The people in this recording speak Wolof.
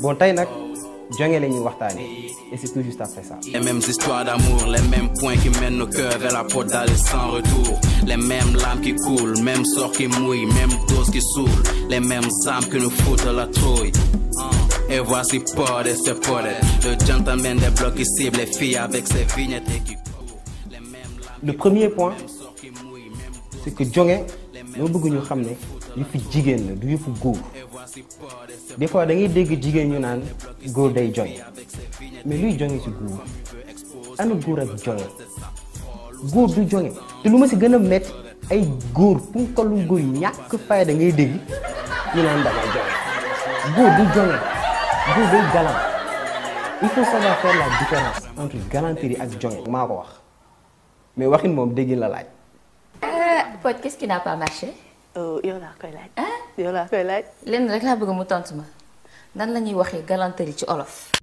bon Taïnak, nag jonge et c'est tout juste après ça. les mêmes histoires d'amour les mêmes points qui mènent nos cœurs vers la porte d'aller sans retour les mêmes larmes qui coulent même sort qui mouille même dose qui saoule les mêmes âmes que nous foutent la trouille. Et voici Pode, et ses le gentleman des blocs qui cible les filles avec ses vignettes et qui Le premier point. c'est que jonge loo bëgg ñu xamné ne yëfu jigéen la du yëfu goor des fois da ngay dégg jigen ñu naan goor day joy mais lui jonge ci goor ana goor ak joy goor du jonge te lu ma si gën a métti ay góor punkalu góor yi fay da ngay dégg ñu naan dama jonge goor du jonge goor day galant il faut savoir faire la différence entre galanterie ak jonge maa ko wax mais waxin mom dégg la laaj Pod qu'est-ce qui n'a pas marché. yow laa koy lenn rek laa bëgg mu tontu ma nan la ñuy waxee galanterie ci olof.